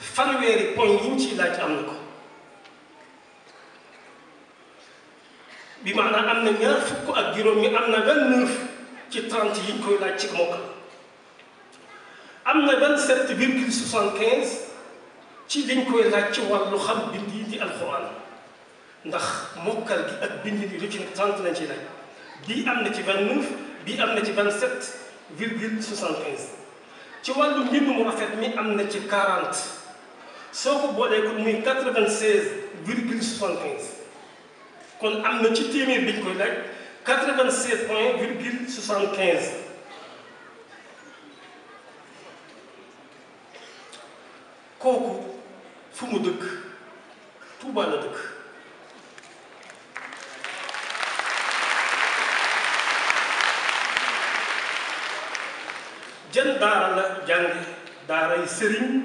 fanweeri poñ yi laaj am na ko bi maana am na ñaar fukk ak juróom yi am na vingt ci 30 yi ñu koy laaj ci mokk am na vingt ci liñ koy laaj ci walu xam bind yi di alquran ndax mokal gi ak bind yi lu ci nekk lañ ci laaj bi am na ci 29 bi bii am na ci vingt-sept ci walu mbind mu rafet mi amna ci 40 soo ko boolee ko muy quatre-vingt-seize virgule soixante-quinze kon am na ci téeméer bi ñu koy laaj quatre-vingt-seize point virgule soixante-quinze kooku fu mu dëkk Tuuba la dëkk jan daara la jànge daaray sëriñ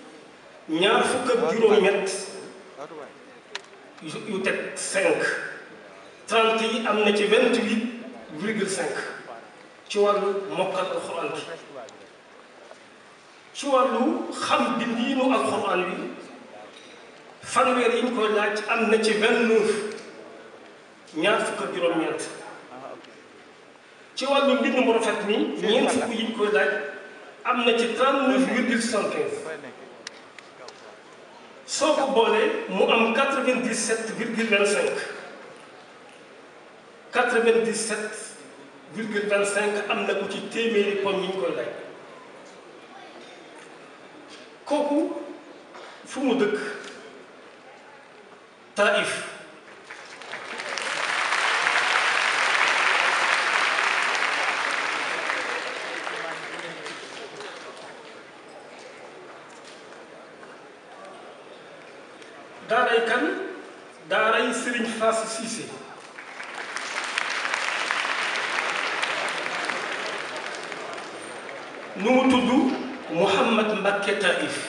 ñaar fukk ak juróom-ñett yu teg 5 30 yi am na ci 28 virgule 5 ci wàllu mokkal alxuraan bi ci wàllu xam bindiinu alxuraan bi fanweer yi ñu koy laaj am na ci 29 ñaar fukk ak juróom-ñett ci wàllu mbind mu rafet mi ñeent fukk yi koy laaj am na ci 39 virgule 75 soo ko boolee mu am quatre vingt dix sept virgule vingt cinq quatre vingt dix sept virgule vingt cinq am na ko ci téeméeri poñ yi ñu koy kooku fu mu dëkk Taïf daaray kan daaray Serigne Fass Cissé nu mu tudd Mouhamad Mbacké Taïf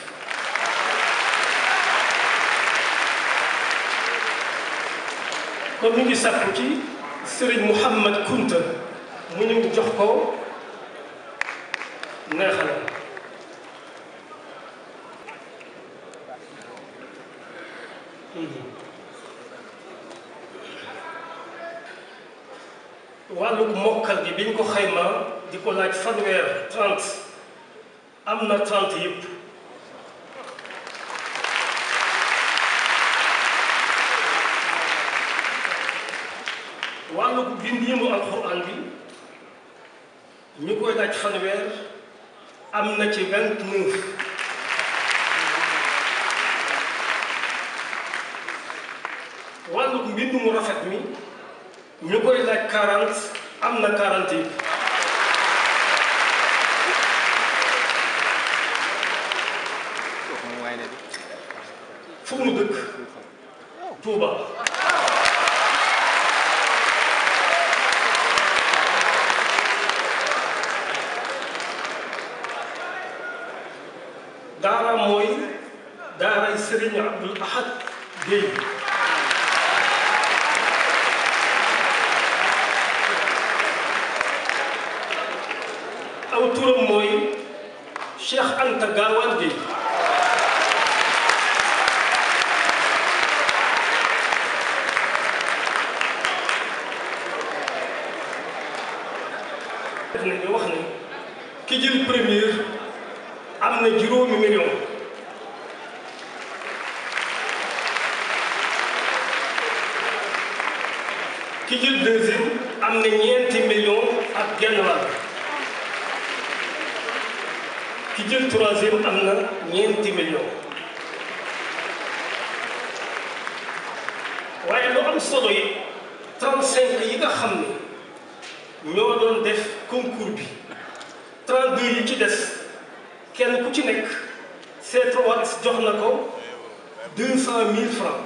kon ñu ngi sàkku ci Serigne Mouhamad Kunta mu ñëw jox ko Mhm. wàllu mokkal gi biñ ko xaymaa di ko laaj fanweer trente am na trente yëpp wàllu bindiimu alxuraan bi ñu koy laaj fanweer am na ci vingt neuf mbind mu rafet mi ñu koy laaj quarante am na quarante yi fu mu dëkk Touba daara mooy daaray Serigne Abdoul Ahad Gueye aw turam mooy Cheikh Anta Gaawaan Gueye def nañu wax ni ki jël premier am na juróomi million ki jël deuxième am na ñeenti million ak genn wàll ki jël troisième am na ñeenti million waaye lu am solo yi trente yi nga xam ne ñoo doon def concours bi trente deux yi ci des kenn ku ci nekk c 3 jox na ko deux cent mille francs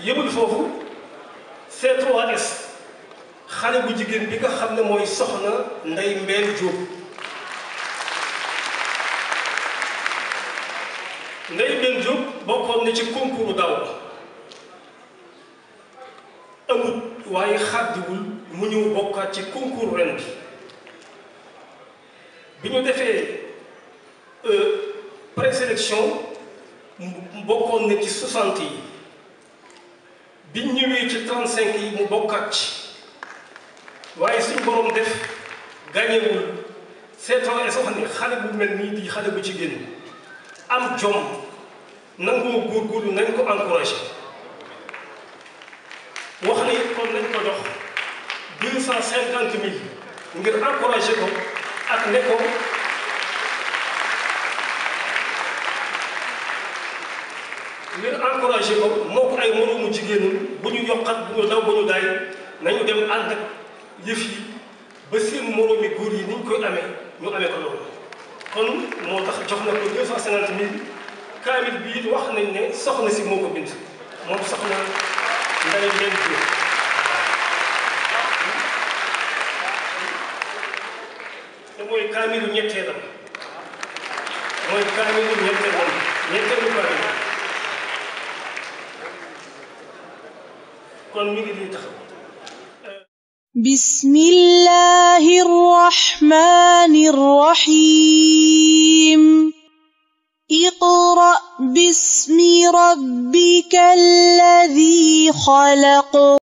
yëbul foofu C3S xale bu jigéen bi nga xam ne mooy soxna Ndeye Mbène Diop Ndeye Mbène Diop bokkoon na ci concours daaw amut waaye xàddiwul mu ñëw bokkaat ci concours ren bi bi ñu defee euh, présélection bokkoon na ci 60 yi biñ ñëwee ci 35 yi mu bokkaat ci waaye suñu borom def gàññewul seetloo soo xam ne xale bu mel nii di xale bu ci génn am jom nangoo góorgóorlu nañ ko encouragé wax ni kon nañ ko jox deux cent cinquante mille ngir encouragé ko ak ne ko ngir encouragé ko moo ko ay moroomu jigéenu bu ñu yokkat bu ñu daw bu ñu daay nañu dem ànd ak yëf yi ba seen moroomi góor yi ni ñu koy amee ñu amee ko loolu kon moo tax jox na ko deux cent cinquante mille kaamil bi it wax nañ ne soxna si moo ko bind moom soxna Ndeye Mbène Diop te mooy kaamilu ñetteelam mooy kaamilu ñetteelam ñetteelu kaamil kon mi ngi lii tax بسم الله الرحمن الرحيم اقرأ باسم ربك الذي خلق